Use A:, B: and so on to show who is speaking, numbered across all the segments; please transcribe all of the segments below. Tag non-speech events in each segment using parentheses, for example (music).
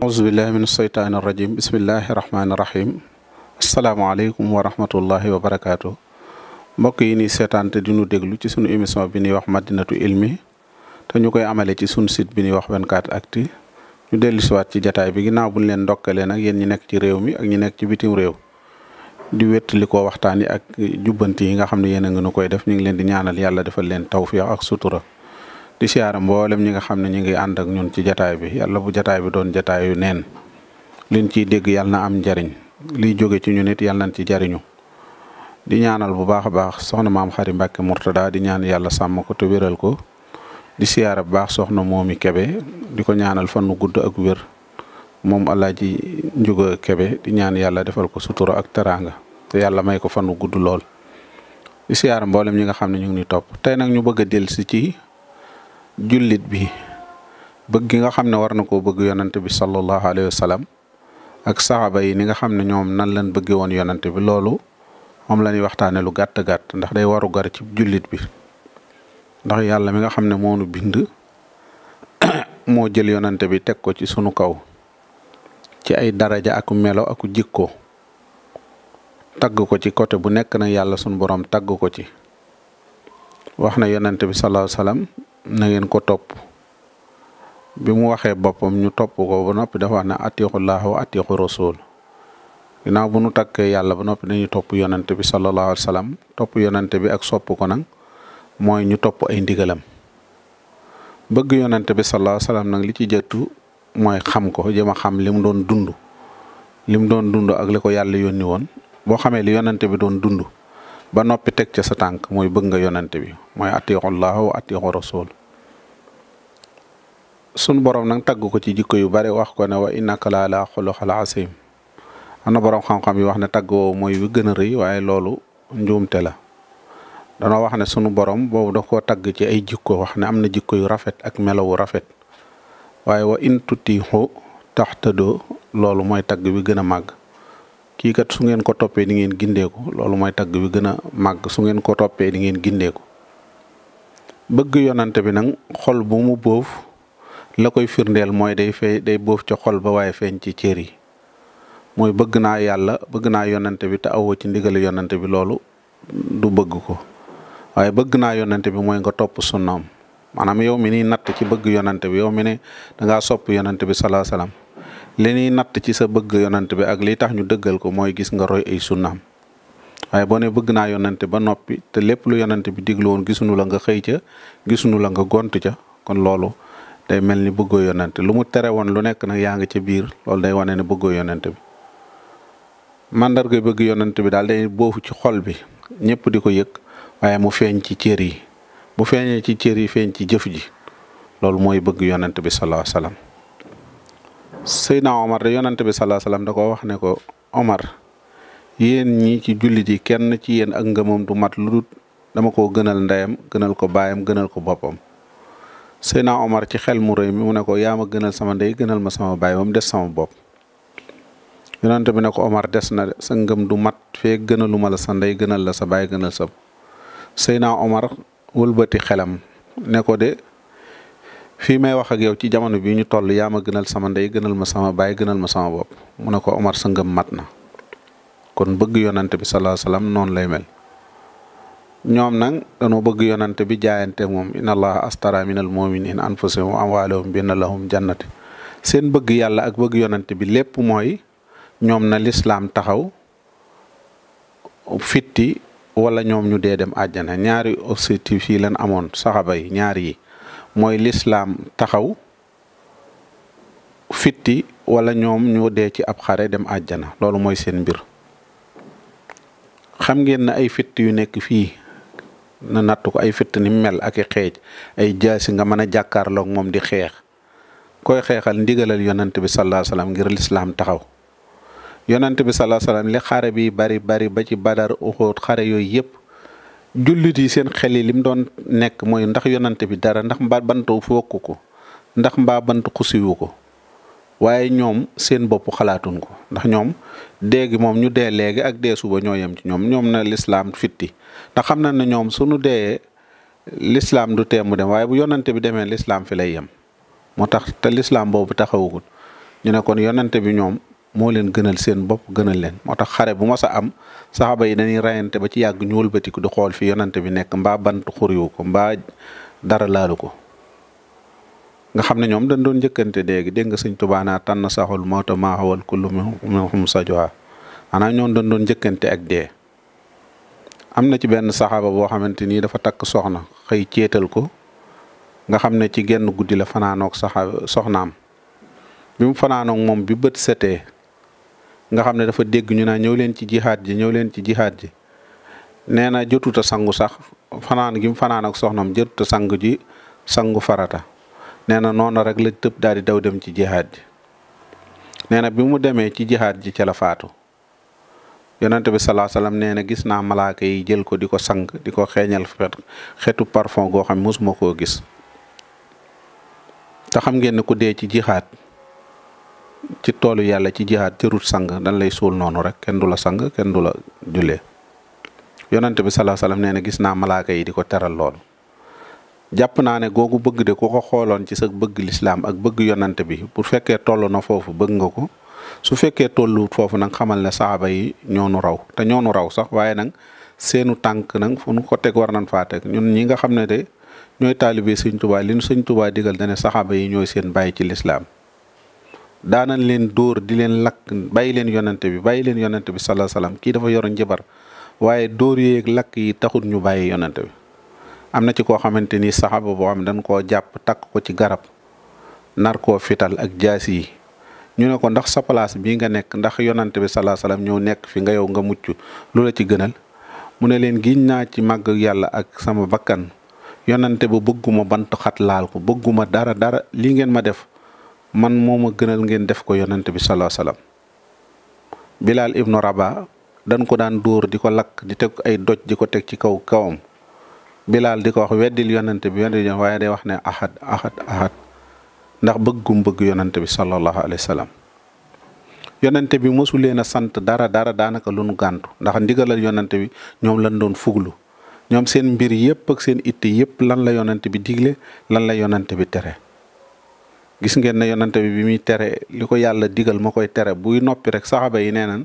A: aousubillahi min asheytaani irajim bismillahi rahmaani rahim asalaamaaleykum wa rahmatullahi wa barakaatu mbokk yi ni seetaante di nu déglu ci sunu émission bi ñuy wax madinatu ilmi te ñu koy amale ci sunu site bi ñuy wax 24 actu ñu dellusiwaat ci jataay bi ginnaaw buñ leen ndokkalee nag yéen ñi nekk ci réew mi ak ñi nekk ci bitim réew di ko waxtaan waxtaani ak jubbanti yi nga xam ne yéen a ngi nu koy def ñu ngi leen di ñaanal yàlla defal leen tawfiq ak sutura di siyaara mboolem ñi nga xam ne ñu ngi ànd ak ñun ci jataay bi yàlla bu jataay bi doon jataayu neen leen ciy dégg yàlla na am njariñ liy jóge ci ñun it yàlla nañ ci jariñu di ñaanal bu baax a baax soxna maam xari Mbàkke Murtada di ñaan yàlla sàmm ko te wéral ko di siyaara bu baax soxna moomi Kebe di ko ñaanal fan nu gudd ak wér moom Alaaji Njuga Kebe di ñaan yàlla defal ko sutura ak teraanga te yàlla may ko fanu gudd lool di mboolem ñi nga xam ne ñu ngi ni topp tey nag ñu bëgg a dellusi ci jullit bi bëgg gi nga xam ne war na koo bëgg yonante bi sallallahu alayhi wa ak saxaaba yi ni nga xam ne ñoom nan lañ bëggee woon yonante bi loolu moom la ñuy waxtaanee lu gàtt gàtt ndax day waru gar ci jullit bi ndax yàlla mi nga xam ne moo bind (coughs) moo jël yonante bi teg ko ci sunu kaw. ci ay daraja ak melo ak jikko tagg ko ci côté bu nekk na yàlla sunu boroom tagg ko ci wax na yonent bi salaahu salaam na ngeen ko topp bi mu waxee boppam ñu topp ko ba noppi dafa wax na atiixu laahu wa atiixu rasul ginnaaw bu nu takkee yàlla ba noppi dañuy topp yonent bi sallallahu alayhi wa sallam topp yonent bi ak sopp ko nag mooy ñu topp ay ndigalam bëgg yonent bi sallallahu wa sallam nag li ci jëttu mooy xam ko jëm a xam li doon dund li mu doon dund ak li ko yàlla yónni woon boo xamee li yonante bi doon dund ba noppi teg ca sa tànk mooy bëgg nga yonante bi mooy atiixu llaah wa sunu borom nag tagg ko ci jikko yu bari wax ko ne wa laa la la xuluxal asim am na borom xam-xam yi wax ne tagg mooy wi gën a rëy waaye loolu njuumte la danoo wax ne sunu borom boobu daf ko tagg ci ay jikko wax ne am na jikko yu rafet ak melowu rafet waaye wa in tax taxtadoo loolu mooy tagg bi gën a màgg kii kat su ngeen ko toppee di ngeen gindeeku loolu mooy tagg bi gën a màgg su ngeen ko toppee di ngeen gindeeku bëgg yonante bi nag xol bu mu boof la koy firndeel mooy day fee day boof ca xol ba waaye feeñ ci cër yi mooy bëgg naa yàlla bëgg naa yonante bi te awoo ci ndigal yonante bi loolu du bëgg ko waaye bëgg naa yonante bi mooy nga topp sunnaam maanaam yow mi ni natt ci bëgg yonante bi yow mi ne da ngaa sopp yonante bi salaa salaam li ñuy natt ci sa bëgg yonante bi ak li tax ñu dëggal ko mooy gis nga roy ay sunnaam waaye boo ne bëgg naa yonante ba noppi te lépp lu yonante bi diglu woon gisuñu la nga xëy ca gisuñu la nga gont ca kon loolu day mel ni bëggoo yonante lu mu tere woon lu nekk nag yaa ngi ca biir loolu day wane ne bëggoo yonante bi mandarga bëgg yonante bi daal day boofu ci xol bi ñëpp di ko yëg waaye mu feeñ ci cër yi bu feeñee ci cër yi feeñ ci jëf ji loolu mooy bëgg yonent bi salaa salaam Seydina Omar de yonent bi salaa salaam da ko wax ne ko Omar yéen ñi ci jullit yi kenn ci yéen ak ngëmam du mat lu dul dama ko gënal ndeyam gënal ko baayam gënal ko boppam Seydina Omar ci xel mu rëy mi mu ne ko yaa ma gënal sama ndey gënal ma sama baay ba mu des sama bopp yonent bi ne ko Omar des na sa ngëm du mat fee gënaluma la sa ndey gënal la sa baay gënal sa Seydina Omar wëlbati xelam ne ko de fii may wax ak yow ci jamono bi ñu toll yaa ma gënal sama ndey gënal ma sama baay gënal ma sama bopp mu ne ko Omar sa ngëm mat na kon bëgg yonante bi sallallahu alayhi wasallam noonu lay mel ñoom nag dañoo bëgg yonante bi jaayante moom inna allaha astara minal muminina anfusahum wa amwalahum bi anna lahum jannati seen bëgg yàlla ak bëgg yonante bi lépp mooy ñoom na lislaam taxaw fitti wala ñoom ñu dee dem àjjana ñaari objectif yi lan amoon saxaba yi ñaari yi mooy lislaam taxaw fitti wala ñoom ñu dee ci ab xare dem àjjana loolu mooy seen mbir xam ngeen ne ay fitt yu nekk fii na natt ko ay fitt ni mel ak i xeej ay jaasi nga mën a jàkkaarloog moom di xeex koy xeexal ndigalal yonent bi sallallahu alayhi ngir lislaam taxaw yonante bi salaa salaam li xare bi bari bari ba ci badar uxóot xare yooyu yëpp jullit yi seen xel yi mu doon nekk mooy ndax yonent bi dara ndax mbaa bant fokk ko ndax mbaa bant xusiwu ko waaye ñoom seen bopp xalaatuñ ko ndax ñoom dee moom ñu dee léegi ak dee suba ñoo yem ci ñoom ñoom na lislaam fitti ndax xam na ne ñoom suñu dee lislaam du teemu dem waaye bu yonante bi demee lislaam fi lay yem moo tax te lislaam boobu taxawagul ñu ne kon yonante bi ñoom moo leen gënal seen bopp gënal leen moo tax xare bu mas a am saxaaba yi dañuy rayante ba ci yàgg ñu wëlbatiku di xool fi yonante bi nekk mbaa bant xuriwu ko mbaa dara laalu ko nga xam ne ñoom dañ doon njëkkante léegi dégg nga sëñ Tuubaa naa tànn saxul mawta maaxawal kullu minhum sajwa maanaam ñoom dañ doon njëkkante ak dee am na ci benn saxaaba boo xamante nii dafa takk soxna xëy ceetal ko nga xam ne ci genn guddi la fanaanook saxaaba soxnaam bi mu fanaanook moom bi bët setee nga xam ne dafa dégg ñu naan ñëw leen ci jihaad ji ñëw leen ci jihaad ji nee na jotut sangu sax fanaan gi mu fanaan ak soxnam jotut a sangu ji sangu farata nee na noonu rek la tëb daal di daw dem ci jihaad ji nee na bi mu demee ci jihaad ji ca la faatu yonent bi salaa salaam nee na gis naa malaaka yi jël ko di ko sang di ko xeeñal fet xetu parfon goo xam mosuma koo gis te xam ngeen ne ku dee ci jihaad ci toolu yàlla ci jihaad jërut sang dañ lay suul noonu rek kenn du la sang kenn du la jullee yonante bi salaa salaam nee na gis naa malaaka yi di ko teral lool jàpp naa ne googu bëgg de ku ko xooloon ci sa bëgg lislaam ak bëgg yonante bi pour fekkee toll na foofu bëgg nga ko su fekkee tolluwut foofu nag xamal ne saaba yi ñoonu raw te ñoonu raw sax waaye nag seenu tànk nag fu nu ko teg war nañ faa teg ñun ñi nga xam ne de ñooy taalibe sëñ tubaa li nu sëñ tubaa digal na ne saxaaba yi ñooy seen bàyyi ci lislaam daanañ leen dóor di leen lakk bàyyi leen yonante bi bàyyi leen yonante bi salaa salaam kii dafa yor njabar waaye dóor yeeg lakk yi taxul ñu bàyyi yonante bi am na ci koo xamante ni saxaaba boo xam dañ koo jàpp takk ko ci garab nar koo fital ak jaas yi ñu ne ko ndax sa place bii nga nekk ndax yonante bi salaa salaam ñëw nekk fi nga yow nga mucc lu la ci gënal mu ne leen giñ naa ci màgg yàlla ak sama bakkan yonante bu bëgguma bant xat laal ko bëgguma dara dara lii ngeen ma def man moo ma gënal ngeen def ko yonent bi salaa salaam Bilal ibnu Rabah dañ ko daan dóor di ko lakk di teg ay doj di ko teg ci kaw kawam Bilal di ko wax weddil yonent bi waaye day wax ne ahad ahad ahad ndax bëggum bëgg yonent bi sallallahu alayhi wa sallam yonent bi mosu leen a sant dara dara daanaka lu nu gàntu ndax ndigalal yonent bi ñoom lan doon fuglu ñoom seen mbir yëpp ak seen it yëpp lan la yonent bi digle lan la yonent bi tere. gis ngeen ne yonante bi bi muy tere li ko yàlla digal ma koy tere buy noppi rek saxaba yi nee nañ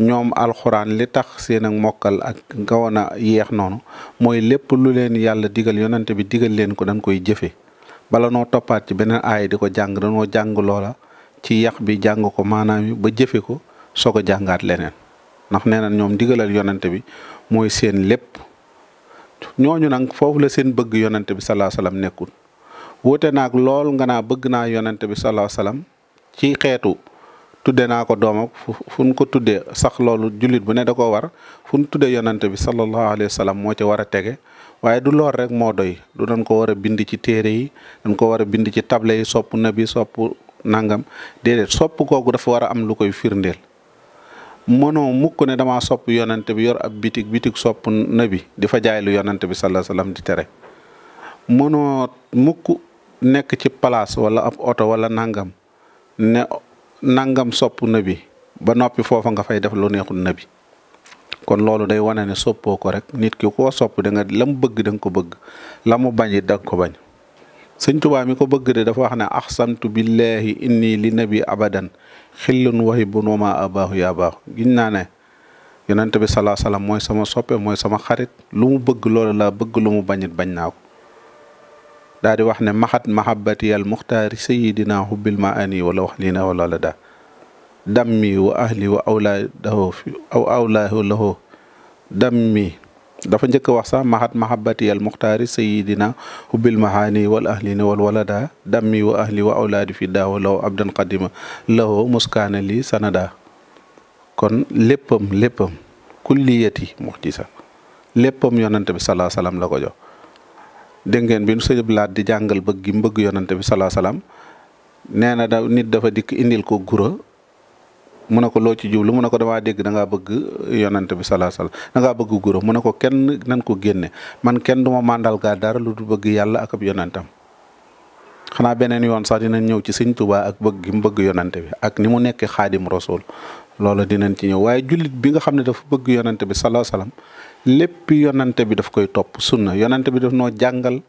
A: ñoom alxuraan li tax seen ak mokkal ak gawoon a yeex noonu mooy lépp lu leen yàlla digal yonante bi digal leen ko dañ koy jëfe bala noo toppaat ci beneen aaya di ko jàng danoo jàng loola ci yax bi jàng ko maanaam ba jëfe ko soog a jàngaat leneen ndax nee na ñoom digalal yonante bi mooy seen lépp ñooñu nag foofu la seen bëgg yonante bi salaa salaam nekkul wute naag lool nga naa bëgg naa yonente bi sallallahu alayhi ci xeetu tudde naa ko doomam fu ko tuddee sax loolu jullit bu ne da ko war fu ñu tuddee yonente bi sallallahu alayhi wasallam moo ci war a tege waaye du lool rek moo doy du dañ ko war a bind ci téere yi dañ ko war a bind ci table yi sopp nabi sopp nangam déedéet sopp kooku dafa war a am lu koy firndeel mënoo mukk ne damaa sopp yonante bi yor ab bitig bitig sopp nabi di fa jaay lu yonante bi sallallahu alayhi wasallam di mënoo mukk nekk ci palaas wala ab oto wala nangam ne nangam sopp na bi ba noppi foofa nga fay def lu neexul na bi kon loolu day wane ne soppoo ko rek nit ki koo sopp da nga la mu bëgg da ko bëgg la mu bañ it da ko bañ sëñ Tuubaa mi ko bëgg de dafa wax ne axsamtu billahi inni li nabi abadan xillun wahibun wa ma abaahu ya baahu giñ naa ne yonente bi salaa salaam mooy sama soppe mooy sama xarit lu mu bëgg loolu laa bëgg lu mu bañit bañ naa ko daa di wax ne maxat mahabbati al muxtaari sayidina hubbil ma ani wala wax lii dammi wa ahli wa njëkk wax sax maxat mahabbati al muxtaari sayidina hubbil ma ani wal ahli na wal wala awlaadi fi daa wa abdan qadima lahu muskaana li sanada kon léppam léppam kulliyati muxjisa léppam yonante bi salaa la ko jox dégg ngeen bi nu sëñ Abdou di jàngal bëgg gi mbëgg yonante bi salaa salaam nee na da nit dafa dikk indil ko guro mu ne ko loo ci jublu mu ne ko damaa dégg da ngaa bëgg yonante bi salaa salaam da bëgg guro mu ne ko kenn nan ko génne man kenn du ma màndal gaa dara lu du bëgg yàlla ak ab xanaa beneen yoon sax dinañ ñëw ci sëñ Tuubaa ak bëgg gi yonante bi ak ni mu nekk xaadim rasul loolu dinañ ci ñëw waaye jullit bi nga xam ne dafa bëgg yonante bi salaa salaam lépp yonante bi daf koy topp sunna yonante bi daf noo jàngal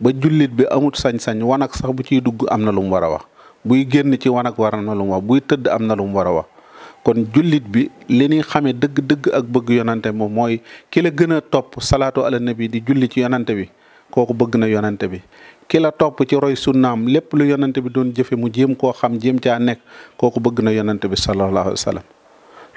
A: ba jullit bi amut sañ-sañ wanak sax bu ciy dugg am na lu war a wax buy génn ci wanak war na lu buy tëdd am na lu war a wax kon jullit bi li xamee dëgg ak bëgg yonante moom mooy ki la gën a topp salaatu ala nabi di julli ci yonante bi kooku bëgg na yonante bi ki topp ci roy sunnaam lépp lu yonante bi doon jëfe mu jéem koo xam jéem caa nekk kooku bëgg na yonante bi sallallahu alayhi wa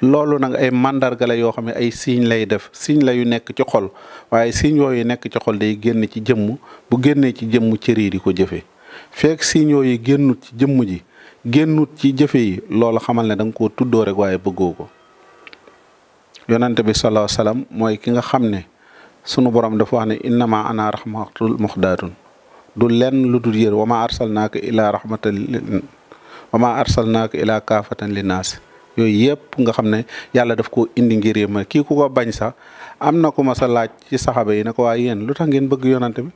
A: loolu nag ay mandarga yoo xam ne ay signe lay def signe la yu nekk ci xol waaye signe yi nekk ci xol day génn ci jëmm bu génnee ci jëmm cër yi di ko jëfee feek signe yooyu génnut ci jëmm ji génnut ci jëfe yi loolu xamal ne danga ko tuddoo rek waaye bëggoo ko yonante bi sallallahu alayhi mooy ki nga xam ne sunu borom dafa wax ne innama ana rahmatul muxdaatun du lenn lu dul yër wa ma arsalnaaka ilaa rahmatan wa ma arsalnaaka ilaa kaafatan linnaas yooyu yëpp nga xam ne yàlla def ko indi ngir yërmande kii ku ko bañ sax am na ku ma sa laaj ci saxaba yi ne ko waaye yéen lu tax ngeen bëgg yonante bi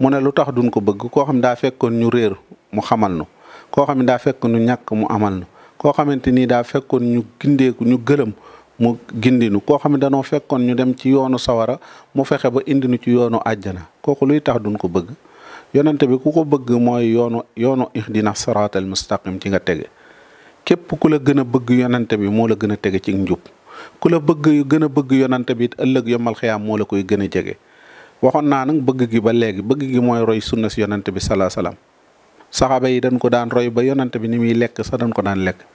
A: mu ne lu tax duñ ko bëgg koo xam ne daa fekkoon ñu réer mu xamal nu koo xam ne daa fekk nu ñàkk mu amal koo xamante ni daa fekkoon ñu gindeeku ñu gëlëm mu gindinu koo xam ne danoo fekkoon ñu dem ci yoonu sawara mu fexe ba indi nu ci yoonu àjjana kooku luy tax duñ ko bëgg yonent bi ku ko bëgg mooy yoonu yoonu ihdina siraatal mustaqim ci nga tege képp ku la gën a bëgg yonent bi moo la gën a tege ci njub ku la bëgg yu gën a bëgg yonent bi it ëllëg yomal xiyaam moo la koy gën a jege waxoon naa nag bëgg gi ba léegi bëgg gi mooy roy sunna si yonent bi salaa salaam saxaaba yi dañ ko daan roy ba yonent bi ni muy lekk sax dañ ko daan lekk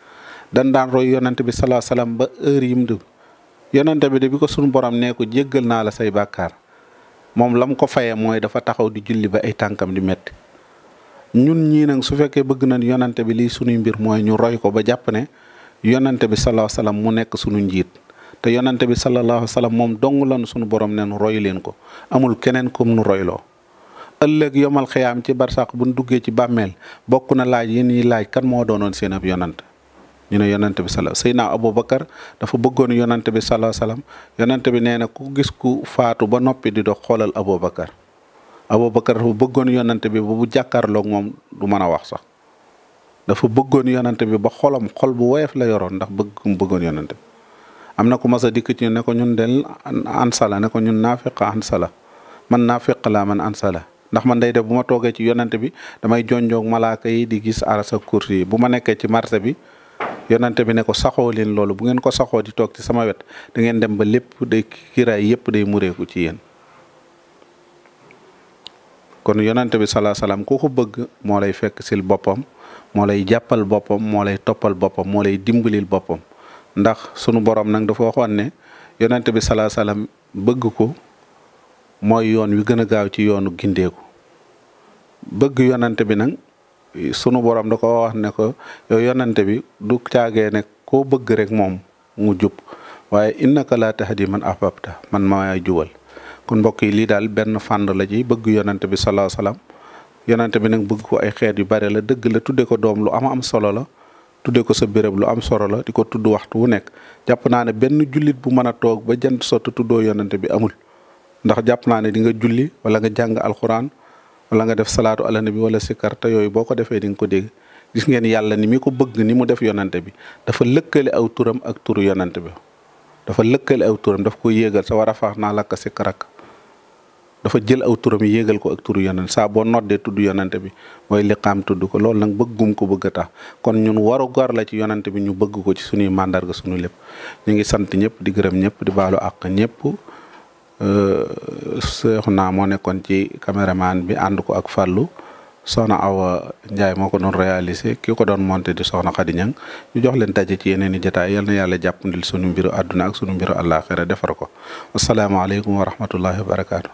A: dan daan roy yonent bi salaa salaam ba heure yim du yonent bi de bi ko sunu borom nee ko jéggal naa la say bàkkaar moom lam ko faye mooy dafa taxaw di julli ba ay tànkam di metti ñun ñii nag su fekkee bëgg nañ yonante bi lii suñuy mbir mooy ñu roy ko ba jàpp ne yonante bi sallallahu alayhi mu nekk suñu njiit te yonante bi sallallahu alayhi wasallam moom dong lan suñu borom ne nu roy leen ko amul keneen comme nu royloo ëllëg yomal xiyaam ci bu buñ duggee ci bàmmeel bokk na laaj yi ñuy laaj kan moo doonoon seen ab yonante ñu ne yonante bi sala Seydina Aboubacar dafa bëggoon yonante bi sala salaam yonante bi nee na ku gis ku faatu ba noppi di dox xoolal Aboubacar bakar dafa bëggoon yonante bi bu jàkkaarloog moom du mën a wax sax dafa bëggoon yonante bi ba xolam xol bu woyof la yoroon ndax bëgg bëggoon yonante bi am na ku mas a dikk ci ne ko ñun del ansala ne ko ñun naafiq ansala man naafiq laa man ansala ndax man day def bu ma toogee ci yonante bi damay jonjoog malaaka yi di gis arasa kursi yi bu ma nekkee ci marché bi yonante bi ne ko saxoo leen loolu bu ngeen ko saxoo di toog ci sama wet dangeen dem ba lépp day kiraay yépp day mureeku ci yenn kon yonante bi salaa salaam ku ko bëgg moo lay fekk sil boppam moo lay jàppal boppam moo lay toppal boppam moo lay dimbalil boppam ndax sunu boroom nag dafa waxoon ne yonante bi salaa salaam bëgg ko mooy yoon wi gën a gaaw ci yoonu gindeeku bëgg yonante bi nag sunu borom da ko wax ne ko yow bi du caagee ne koo bëgg rek moom mu jub waaye innaka laa tahdi man ahbabta man maay jubal kon mbokk yi lii daal benn fànn la ji bëgg yonante bi salaa salaam yonante bi nag bëgg ko ay xeet yu bare la dëgg la tudde ko doom lu am am solo la tudde ko sa béréb lu am solo la di ko tudd waxtu wu nekk jàpp naa ne benn jullit bu mën a toog ba jant sotti tuddoo yonante bi amul ndax jàpp naa ne dinga julli wala nga jàng alxuraan wala nga def salaatu ala bi wala sikkar te yooyu boo ko defee di nga ko dégg gis ngeen yàlla ni mi ko bëgg ni mu def yonante bi dafa lëkkale aw turam ak turu yonante bi dafa lëkkale aw turam daf ko yéegal sa war a faax naa lakk sikkar ak dafa jël aw turam yéegal ko ak turu yonante saa boo noddee tudd yonante bi mooy liqaam tudd ko loolu nag bëggum ko bëgg a kon ñun waru gar la ci yonante bi ñu bëgg ko ci suñuy màndarga suñu lépp ñu ngi sant ñëpp di gërëm ñëpp di baalu àq ñëpp Euh, seexu naa moo nekkoon ci caméraman bi ànd ko ak Fallou soxna Awa Ndiaye moo ko doon réalisé ki ko doon monté di soxna Khady Niang ñu jox leen daje ci yeneen i jotaay yal na yàlla jàppandil sunu mbiru àdduna ak sunu mbiru àllaaxira defar ko asalaamaaleykum wa rahmatullahi wa barakaatu.